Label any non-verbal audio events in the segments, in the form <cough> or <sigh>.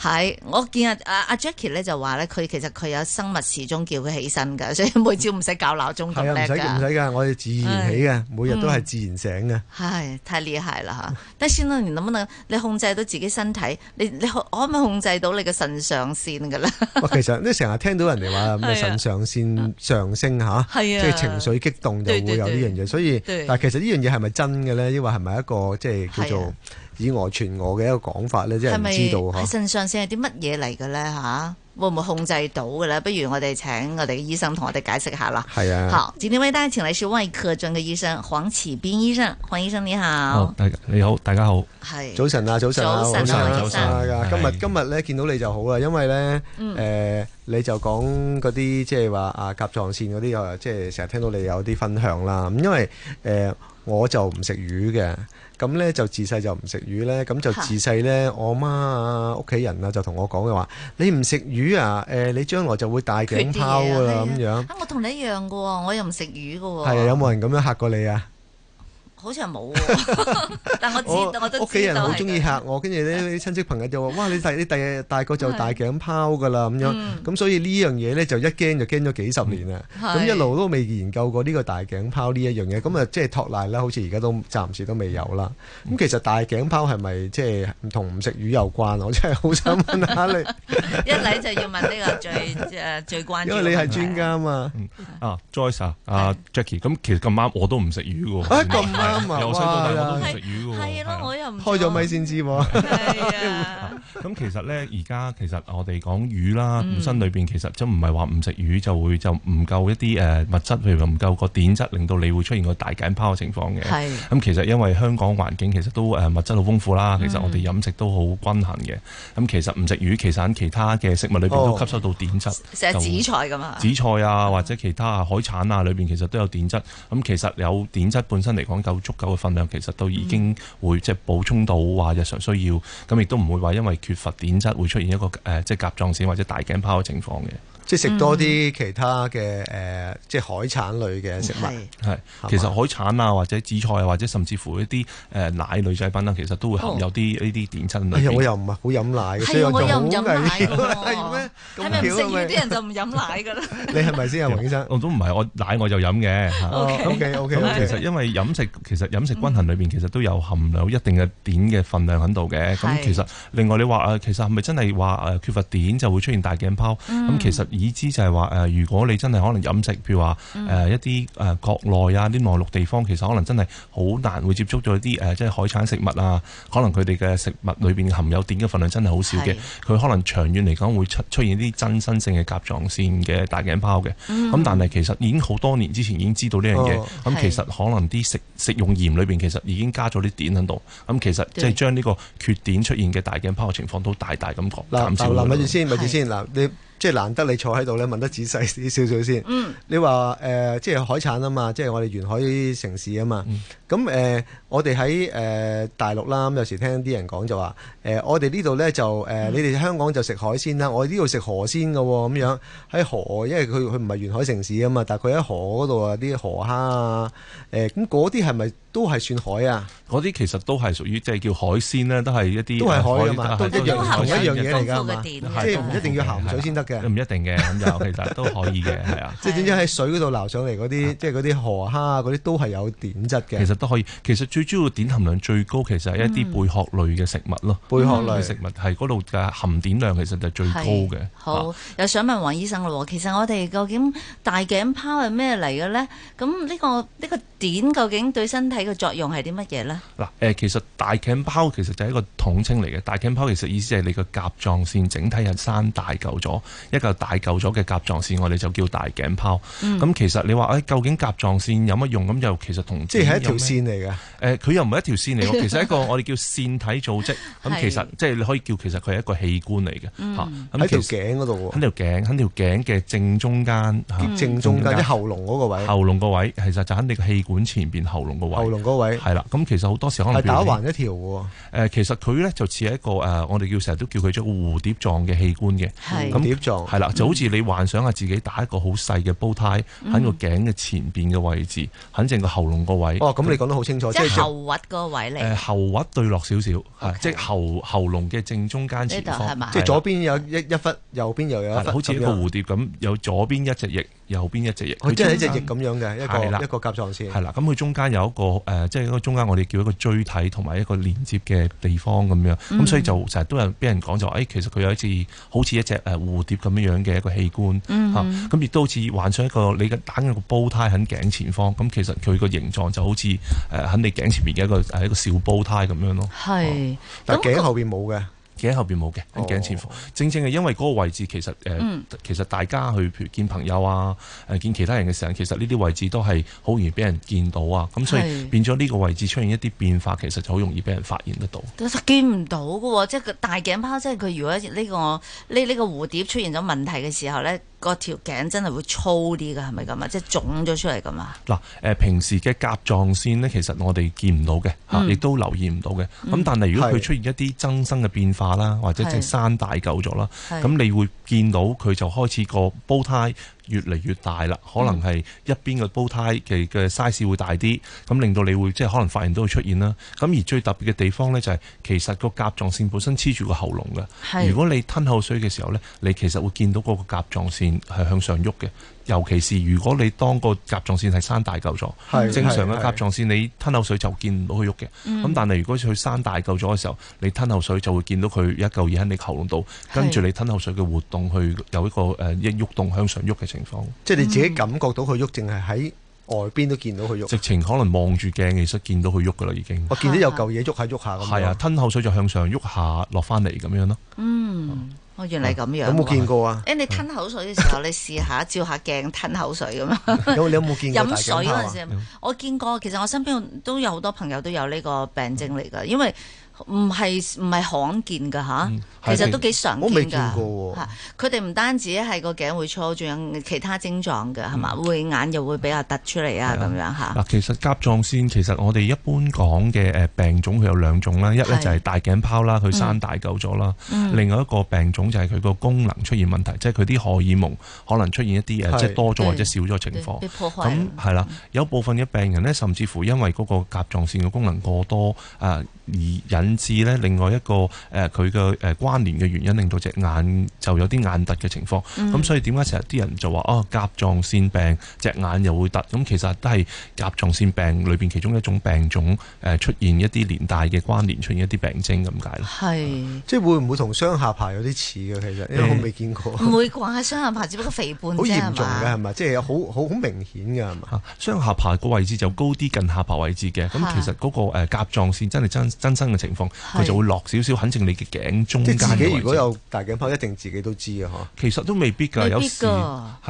.係，我見阿阿 Jackie 咧就話咧，佢其實佢有生物時鐘叫佢起身噶，所以每朝唔使搞鬧鐘咁叻噶。係啊，唔使噶，唔使噶，我哋自然起嘅，每日都係自然醒嘅。係太厲害啦吓！但係先當你，能唔能你控制到自己身體，你你可唔可以控制到你嘅腎上腺噶啦？其實你成日聽到人哋話咁嘅腎上腺上升吓，即係情緒激動就會有呢樣嘢。所以，但其實呢樣嘢係咪真嘅咧？抑或係咪一個即係叫做？以我傳我嘅一個講法咧，真係唔知道嚇。是是腎上腺係啲乜嘢嚟嘅咧嚇？會唔會控制到嘅咧？不如我哋請我哋嘅醫生同我哋解釋下啦。係啊。好，今天為大家請嚟是外科專科嘅醫生黃啟斌醫生。黃醫生你好，哦。你好，大家好。係。早晨啊，早晨。早晨，早晨啊！今日今日咧見到你就好啦，因為咧誒、嗯呃、你就講嗰啲即係話啊甲狀腺嗰啲即係成日聽到你有啲分享啦。咁因為誒。呃我就唔食魚嘅，咁呢，就自細就唔食魚呢。咁就自細呢，我媽啊，屋企、啊、人啊就同我講嘅話，你唔食魚啊，誒、呃，你將來就會大頸泡啊咁樣。啊，我同你一樣噶，我又唔食魚噶。係啊，有冇人咁樣嚇過你啊？好似係冇，但我知，我都屋企人好中意嚇我，跟住呢啲親戚朋友就話：哇！你第日大個就大頸泡噶啦咁樣，咁所以呢樣嘢咧就一驚就驚咗幾十年啦，咁一路都未研究過呢個大頸泡呢一樣嘢，咁啊即係託賴啦，好似而家都暫時都未有啦。咁其實大頸泡係咪即係唔同唔食魚有關？我真係好想問下你。一嚟就要問呢個最誒最關，因為你係專家啊嘛。啊 Joyce 啊 Jackie，咁其實咁啱我都唔食魚㗎喎。由細到大都我都唔食魚嘅喎，開咗咪先知喎。咁 <laughs> 的、 <laughs> 啊、其實咧，而家其實我哋講魚啦，嗯、本身裏邊其實真唔係話唔食魚就會就唔夠一啲誒物質，譬如唔夠個碘質，令到你會出現個大頸泡嘅情況嘅。咁是、啊、其實因為香港環境其實都誒物質好豐富啦，嗯、其實我哋飲食都好均衡嘅。咁、啊、其實唔食魚，其實喺其他嘅食物裏邊都吸收到碘質，食、哦啊、紫菜㗎嘛，紫菜啊或者其他海產啊裏邊其實都有碘質。咁、啊、其實有碘質本身嚟講夠。足夠嘅分量其實都已經會即係補充到話日常需要，咁亦都唔會話因為缺乏碘質會出現一個誒即係甲狀腺或者大頸泡嘅情況嘅。即食多啲其他嘅誒，即係海產類嘅食物係，其實海產啊，或者紫菜啊，或者甚至乎一啲誒奶類製品啦，其實都會含有啲呢啲碘。我又唔係好飲奶。係啊，我又唔飲奶。咁咪唔食魚啲人就唔飲奶㗎啦？你係咪先啊，黃醫生？我都唔係，我奶我就飲嘅。OK OK。其實因為飲食其實飲食均衡裏邊其實都有含有一定嘅碘嘅分量喺度嘅。咁其實另外你話誒，其實係咪真係話誒缺乏碘就會出現大頸泡？咁其實。已知就係話誒，如果你真係可能飲食，譬如話誒、呃、一啲誒、呃、國內啊，啲內陸地方，其實可能真係好難會接觸到啲誒、呃，即係海產食物啊。可能佢哋嘅食物裏邊含有碘嘅份量真係好少嘅。佢是可能長遠嚟講會出出現啲真身性嘅甲狀腺嘅大頸泡嘅。咁、嗯、但係其實已經好多年之前已經知道呢樣嘢。咁、哦、其實可能啲食食用鹽裏邊其實已經加咗啲碘喺度。咁、嗯、其實即係將呢個缺碘出現嘅大頸泡嘅情況都大大咁減減少咗。嗱，咪住先，咪住先，嗱、嗯、你。嗯即係難得你坐喺度咧，問得仔細少少先。嗯，你話誒、呃、即係海產啊嘛，即係我哋沿海城市啊嘛。咁誒、嗯呃、我哋喺誒大陸啦，咁、嗯、有時聽啲人講、呃、就話誒我哋呢度咧就誒你哋香港就食海鮮啦，我呢度食河鮮嘅咁樣，喺河，因為佢佢唔係沿海城市啊嘛，但係佢喺河嗰度啊啲河蝦啊誒咁嗰啲係咪？呃那那都係算海啊！嗰啲其實都係屬於即係叫海鮮咧，都係一啲都係海㗎嘛，都一樣同一樣嘢嚟㗎嘛，即係唔一定要鹹水先得嘅。唔一定嘅，咁就其實都可以嘅，係啊！即係點知喺水嗰度撈上嚟嗰啲，即係嗰啲河蝦啊嗰啲都係有碘質嘅。其實都可以，其實最主要碘含量最高其實係一啲貝殼類嘅食物咯。貝殼類食物係嗰度嘅含碘量其實就最高嘅。好，又想問黃醫生咯，其實我哋究竟大頸泡係咩嚟嘅咧？咁呢個呢個碘究竟對身體？佢嘅作用係啲乜嘢咧？嗱，誒，其實大頸泡其實就係一個統稱嚟嘅。大頸泡其實意思係你個甲狀腺整體係生大舊咗，一個大舊咗嘅甲狀腺，我哋就叫大頸泡。咁、嗯嗯、其實你話誒、欸，究竟甲狀腺有乜用？咁、嗯、又其實同即係一條線嚟嘅。誒、欸，佢又唔係一條線嚟，其實一個我哋叫腺體組織。咁、 <laughs> 嗯嗯、其實即係你可以叫其實佢係一個器官嚟嘅。嚇，喺條頸嗰度喎，喺條頸，喺條頸嘅正中間，正中間啲喉嚨嗰個位，喉嚨個位其實就喺你個氣管前邊喉嚨個位。喉嚨位，係啦，咁其實好多時可能打橫一條喎。其實佢咧就似係一個誒，我哋叫成日都叫佢做蝴蝶狀嘅器官嘅。蝴蝶狀係啦，就好似你幻想下自己打一個好細嘅煲胎喺個頸嘅前邊嘅位置，喺正個喉嚨個位。哦，咁你講得好清楚，即係喉核個位嚟。誒，喉核對落少少，即係喉喉嚨嘅正中間前方，即係左邊有一一忽，右邊又有一忽，好似一個蝴蝶咁，有左邊一隻翼。右邊一隻翼，佢即係一隻翼咁樣嘅一個一個甲狀腺。係啦，咁佢中間有一個誒，即係一個中間我哋叫一個椎體同埋一個連接嘅地方咁樣。咁、嗯、所以就成日都有俾人講就話，誒、哎、其實佢有一隻好似一隻誒蝴蝶咁樣樣嘅一個器官嚇。咁亦、嗯哼啊、都好似幻想一個你嘅蛋嘅個煲胎喺頸前方。咁其實佢個形狀就好似誒喺你頸前面嘅一個係一個小煲胎咁樣咯。係是，啊、但係頸後邊冇嘅。頸後邊冇嘅，跟頸前方，哦、正正係因為嗰個位置，其實誒、呃，其實大家去見朋友啊，誒、嗯、見其他人嘅時候，其實呢啲位置都係好容易俾人見到啊，咁是 所以變咗呢個位置出現一啲變化，其實就好容易俾人發現得到。見唔、嗯、到嘅喎、啊，即係個大頸泡，即係佢如果呢、呢個呢呢、呢個蝴蝶出現咗問題嘅時候咧。個條頸真係會粗啲㗎，係咪咁啊？即係腫咗出嚟咁啊？嗱，誒平時嘅甲狀腺咧，其實我哋見唔到嘅，嚇亦、嗯、都留意唔到嘅。咁、嗯、但係如果佢出現一啲增生嘅變化啦，或者隻山大嚿咗啦，咁是的 你會見到佢就開始個煲胎。越嚟越大啦，可能係一邊嘅煲胎嘅嘅 size 會大啲，咁令到你會即係可能發現都會出現啦。咁而最特別嘅地方呢、就係，就係其實個甲狀腺本身黐住個喉嚨嘅。是如果你吞口水嘅時候呢，你其實會見到嗰個甲狀腺係向上喐嘅。尤其是如果你當個甲狀腺係生大嚿咗，的正常嘅甲狀腺你吞口水就見唔到佢喐嘅。咁、嗯、但係如果佢生大嚿咗嘅時候，你吞口水就會見到佢一嚿嘢喺你喉嚨度，跟住你吞口水嘅活動去有一個誒、呃、一喐動向上喐嘅情況。的嗯、即係你自己感覺到佢喐，淨係喺外邊都見到佢喐，直情可能望住鏡其實見到佢喐㗎啦已經。我見到有嚿嘢喐下喐下咁。係啊，吞口水就向上喐下落翻嚟咁樣咯。嗯。哦，原嚟咁樣，啊、有冇見過啊？誒、欸，你吞口水嘅時候， <laughs> 你試下照下鏡吞口水咁樣。有 <laughs> 你有冇見過大頸泡？飲水嗰陣時，嗯、我見過。其實我身邊都有好多朋友都有呢個病徵，嚟㗎，因為。唔係唔係罕見噶吓，其實都幾常見噶。佢哋唔單止係個頸會粗，仲有其他症狀嘅係嘛？會眼又會比較突出嚟啊，咁樣吓。嗱，其實甲狀腺其實我哋一般講嘅誒病種佢有兩種啦，一咧就係大頸泡啦，佢生大夠咗啦。另外一個病種就係佢個功能出現問題，即係佢啲荷爾蒙可能出現一啲誒，即係多咗或者少咗情況。咁係啦，有部分嘅病人咧，甚至乎因為嗰個甲狀腺嘅功能過多誒。而引致咧，另外一個誒，佢嘅誒關聯嘅原因，令到隻眼就有啲眼凸嘅情況。咁所以點解成日啲人就話哦，甲狀腺病隻眼又會凸？咁其實都係甲狀腺病裏邊其中一種病種誒，出現一啲連帶嘅關聯，出現一啲病徵咁解咯。係，即係會唔會同雙下巴有啲似嘅？其實因為我未見過，唔會喺雙下巴，只不過肥胖好嚴重嘅係咪？即係有好好明顯嘅係嘛？雙下巴個位置就高啲，近下巴位置嘅。咁其實嗰個甲狀腺真係真真身嘅情況，佢是就會落少少，肯正你嘅頸中間嘅位置。即係自己如果有大頸泡，一定自己都知啊？呵。其實都未必㗎，必有時係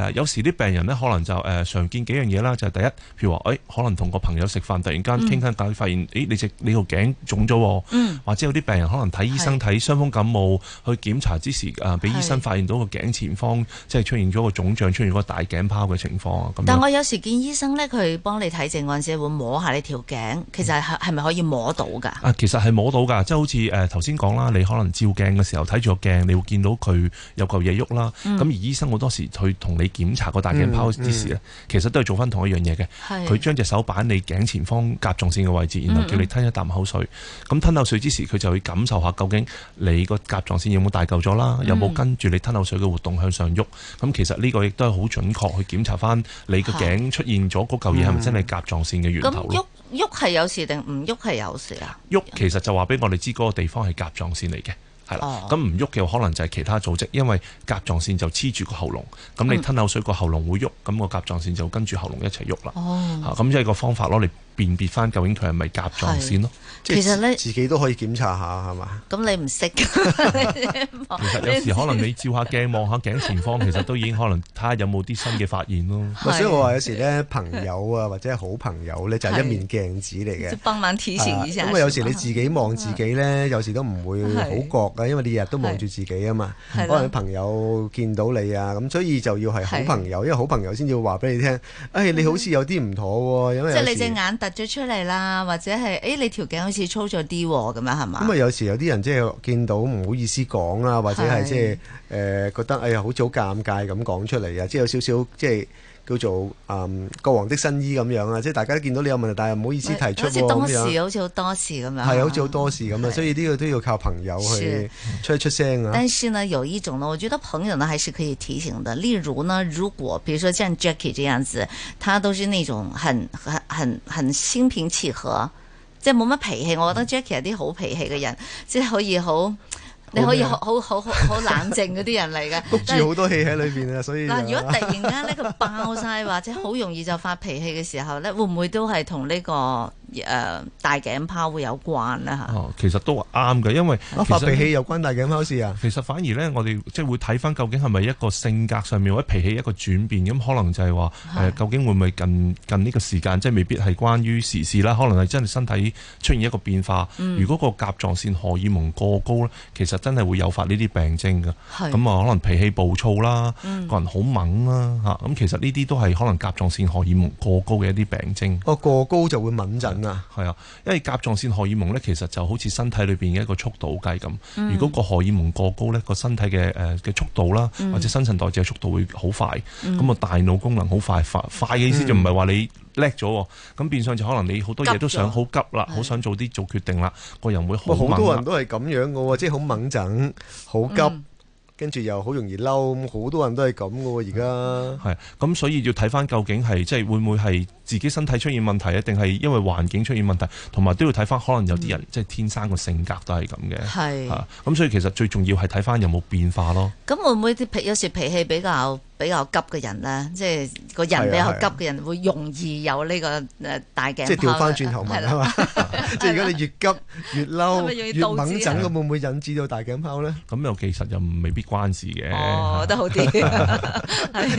啊，有時啲病人咧可能就誒、呃、常見幾樣嘢啦，就係、是、第一，譬如話誒，可能同個朋友食飯，突然間傾親偈，嗯、發現誒你隻你條頸腫咗喎。嗯、或者有啲病人可能睇醫生睇是傷風感冒去檢查之時啊，俾、呃、醫生發現到個頸前方是即係出現咗個腫脹，出現嗰個大頸泡嘅情況啊。但我有時見醫生咧，佢幫你睇症嗰陣時會摸下你條頸，其實係係咪可以摸到㗎？啊其實係摸到㗎，即係好似誒頭先講啦，你可能照鏡嘅時候睇住個鏡，你會見到佢有嚿嘢喐啦。咁、嗯、而醫生好多時去同你檢查個大鏡拋之時咧，嗯嗯、其實都係做翻同一樣嘢嘅。佢將隻手擺你頸前方甲狀腺嘅位置，然後叫你吞一啖口水。咁、嗯、吞口水之時，佢就會感受下究竟你個甲狀腺有冇大嚿咗啦，嗯、有冇跟住你吞口水嘅活動向上喐。咁、嗯嗯、其實呢個亦都係好準確去檢查翻你個頸出現咗嗰嚿嘢係咪真係甲狀腺嘅源頭喐喐係有事定唔喐係有事啊？喐其實就話俾我哋知嗰個地方係甲狀腺嚟嘅，係啦。咁唔喐嘅可能就係其他組織，因為甲狀腺就黐住個喉嚨。咁你吞口水個喉嚨會喐，咁、個甲狀腺就跟住喉嚨一齊喐啦。哦、啊，咁即係個方法咯，你。辨別翻究竟佢係咪甲狀腺咯？其實咧，自己都可以檢查下，係嘛？咁你唔識㗎。其實有時可能你照下鏡望下頸前方，其實都已經可能睇下有冇啲新嘅發現咯。所以我話有時咧，朋友啊或者係好朋友咧就係一面鏡子嚟嘅，即係幫忙提示一下，因為有時你自己望自己咧，有時都唔會好覺㗎，因為你日日都望住自己啊嘛。可能你朋友見到你啊，咁所以就要係好朋友，因為好朋友先至會話俾你聽。唉，你好似有啲唔妥喎，因為即係你隻眼凸咗出嚟啦，或者係，誒、哎，你條頸好似粗咗啲咁啊，係嘛？咁啊，有時有啲人即係見到唔好意思講啦，或者係即係，誒是的、呃，覺得哎呀好早尷尬咁講出嚟啊，即、就、係、是、有少少即係。就是叫做啊、嗯、國王的新衣咁樣啊，即係大家都見到你有問題，但係唔好意思提出好似是多事，好似好多事咁樣。係對，好似好多事咁啊，所以呢個都要靠朋友去是出去出聲啊。但是呢，有一種呢，我覺得朋友呢還是可以提醒的。例如呢，如果，比如說像 Jacky 這樣子，他都是那種很、很、很、很心平氣和，即係冇乜脾氣。我覺得 Jacky 係啲好脾氣嘅人，即係、嗯、可以好。你可以好好好好冷靜嗰啲人嚟嘅，焗 <laughs> 是住好多氣喺裏邊啊，所以嗱、就係， <laughs> 如果突然間呢，佢爆晒，或者好容易就發脾氣嘅時候咧，會唔會都係同呢個？誒，大頸泡會有關啦嚇。哦，其實都啱嘅，因為發脾氣又關大頸泡事啊。其實反而咧，我哋即係會睇翻究竟係咪一個性格上面或者脾氣一個轉變，咁可能就係話誒，究竟會唔會近近呢個時間，即係未必係關於時事啦，可能係真係身體出現一個變化。如果個甲狀腺荷爾蒙過高咧，其實真係會誘發呢啲病症㗎。係。咁啊，可能脾氣暴躁啦，個人好猛啦嚇。咁其實呢啲都係可能甲狀腺荷爾蒙過高嘅一啲病症。哦，過高就會敏感。係、嗯、啊，因為甲狀腺荷爾蒙呢，其實就好似身體裏邊嘅一個速度計咁。嗯、如果個荷爾蒙過高呢，個身體嘅誒嘅速度啦，嗯、或者新陳代謝嘅速度會好快。咁啊、嗯，大腦功能好快，快快嘅意思就唔係話你叻咗，咁、嗯、變相就可能你好多嘢都想好急啦，好想早啲做決定啦，個人會好猛。好多人都係咁樣噶，即係好猛、整好急。嗯跟住又好容易嬲，咁好多人都係咁嘅喎。而家係咁，所以要睇翻究竟係即係會唔會係自己身體出現問題，定係因為環境出現問題，同埋都要睇翻可能有啲人、嗯、即係天生個性格都係咁嘅。係啊的，咁所以其實最重要係睇翻有冇變化咯。咁會唔會啲脾有時脾氣比較？比較急嘅人啦，即係個人比較急嘅人會容易有呢個誒大頸，即係調翻轉頭問啊嘛，即係如果你越急越嬲越猛整，會唔會引致到大頸泡咧？咁又其實又未必關事嘅。哦，都好啲，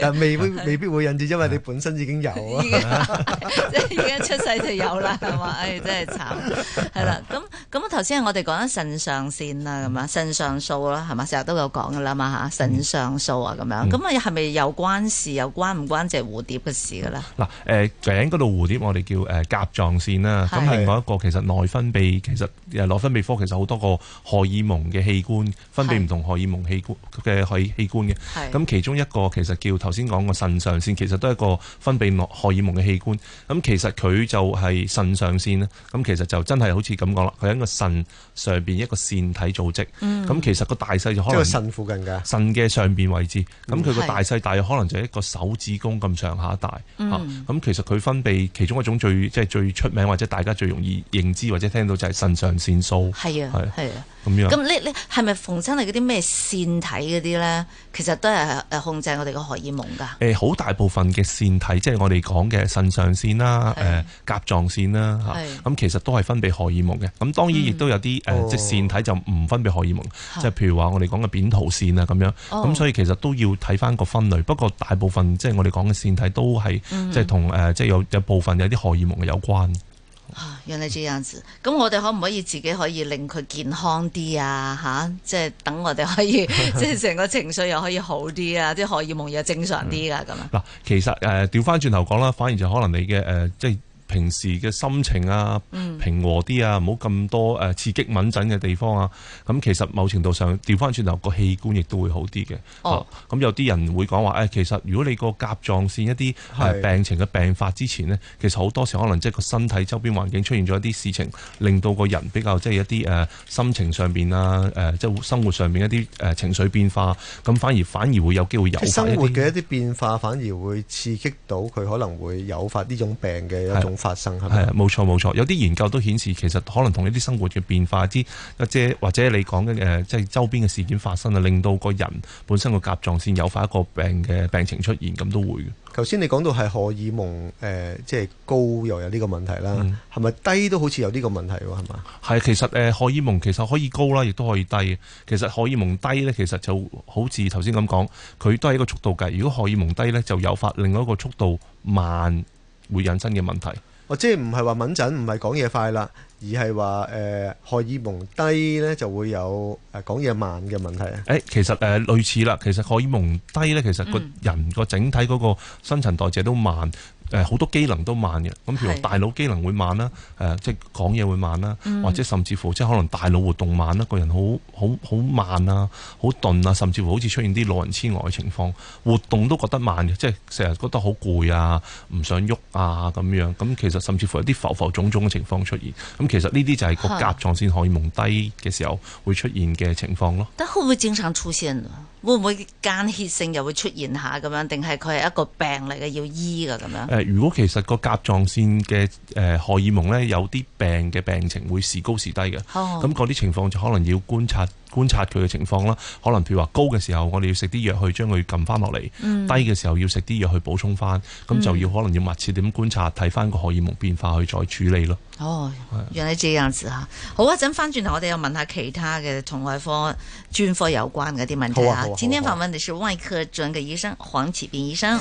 但未必未必會引致，因為你本身已經有啊，即係而家出世就有啦，係嘛？唉，真係慘，係啦。咁咁頭先我哋講緊腎上腺啦，咁啊腎上素啦，係嘛？成日都有講噶啦嘛吓，腎上素啊，咁樣咁啊，係咪？有關事又關唔關隻、就是、蝴蝶嘅事噶啦？嗱、呃，誒，頸嗰度蝴蝶我哋叫誒甲狀腺啦。咁另外一個其實內分泌，其實誒內分泌科其實好多個荷爾蒙嘅器官，分泌唔同荷爾蒙器官嘅係器官嘅。咁的其中一個其實叫頭先講個腎上腺，其實都係一個分泌荷荷爾蒙嘅器官。咁其實佢就係腎上腺啦。咁其實就真係好似咁講啦，佢係一個腎。上邊一個腺體組織，咁、嗯、其實個大細就可能係腎附近噶，腎嘅上邊位置，咁佢個大細大約可能就係一個手指公咁上下大，吓、嗯，咁、啊、其實佢分泌其中一種最即係最出名或者大家最容易認知或者聽到就係腎上腺素，係啊，係啊。是咁樣，咁咧咧係咪縫親係嗰啲咩腺體嗰啲咧？其實都係誒控制我哋個荷爾蒙㗎。誒好、呃、大部分嘅腺體，即、就、係、是、我哋講嘅腎上腺啦、誒是、呃、甲狀腺啦，嚇是，咁、嗯、其實都係分泌荷爾蒙嘅。咁當然亦都有啲誒、嗯呃、即腺體就唔分泌荷爾蒙，即係譬如話我哋講嘅扁桃腺啊咁樣。咁、哦、所以其實都要睇翻個分類。不過大部分即係、就是、我哋講嘅腺體都係即係同誒即係有有部分有啲荷爾蒙係有關。啊，原來這樣子，咁我哋可唔可以自己可以令佢健康啲啊？吓、啊，即係等我哋可以，即係成個情緒又可以好啲啊！啲荷爾蒙又正常啲噶咁啊。嗱、嗯，樣其實誒，調翻轉頭講啦，反而就可能你嘅誒、呃，即係。平時嘅心情啊，平和啲啊，唔好咁多誒刺激敏準嘅地方啊。咁其實某程度上調翻轉頭，個器官亦都會好啲嘅。咁、哦嗯、有啲人會講話誒，其實如果你個甲狀腺一啲病情嘅病發之前呢，是的 其實好多時可能即係個身體周邊環境出現咗一啲事情，令到個人比較即係、就是、一啲誒心情上邊啊誒即係生活上面一啲誒情緒變化，咁反而反而會有機會有生活嘅一啲變化反而會刺激到佢，可能會誘發呢種病嘅一種。發生係咪，冇錯冇錯，有啲研究都顯示，其實可能同呢啲生活嘅變化，之或者或者你講嘅誒，即、呃、係周邊嘅事件發生啊，令到個人本身個甲狀腺誘發一個病嘅病情出現，咁都會嘅。頭先你講到係荷爾蒙誒、呃，即係高又有呢個問題啦，係咪、嗯、低都好似有呢個問題㗎？係嘛？係，其實誒、呃、荷爾蒙其實可以高啦，亦都可以低。其實荷爾蒙低呢，其實就好似頭先咁講，佢都係一個速度計。如果荷爾蒙低呢，就誘發另外一個速度慢會引申嘅問題。我即係唔係話敏震，唔係講嘢快啦，而係話誒荷爾蒙低咧就會有誒講嘢慢嘅問題啊。誒、欸，其實誒、呃、類似啦，其實荷爾蒙低咧，其實個人個整體嗰個新陳代謝都慢。誒好、嗯、多機能都慢嘅，咁譬如大腦機能會慢啦，誒的、呃、即係講嘢會慢啦，嗯、或者甚至乎即係可能大腦活動慢啦，個人好好好慢啊，好頓啊，甚至乎好似出現啲老人痴呆嘅情況，活動都覺得慢嘅，即係成日覺得好攰啊，唔想喐啊咁樣，咁、嗯、其實甚至乎有啲浮浮腫腫嘅情況出現，咁、嗯、其實呢啲就係個甲狀腺可以蒙低嘅時候會出現嘅情況咯。但會唔會經常出現咧？會唔會間歇性又會出現下咁樣？定係佢係一個病嚟嘅，要醫嘅咁樣？誒、呃，如果其實個甲狀腺嘅誒、呃、荷爾蒙咧，有啲病嘅病情會時高時低嘅，咁嗰啲情況就可能要觀察。觀察佢嘅情況啦，可能譬如話高嘅時候，我哋要食啲藥去將佢撳翻落嚟；嗯、低嘅時候要食啲藥去補充翻，咁、嗯、就要可能要密切點觀察，睇翻個荷爾蒙變化去再處理咯。哦，原來這樣子吓、啊。好、啊，一陣翻轉頭，我哋又問下其他嘅同外科專科有關嘅啲問題啊。啊啊啊啊今天訪問嘅是外科專科醫生黃啟斌醫生。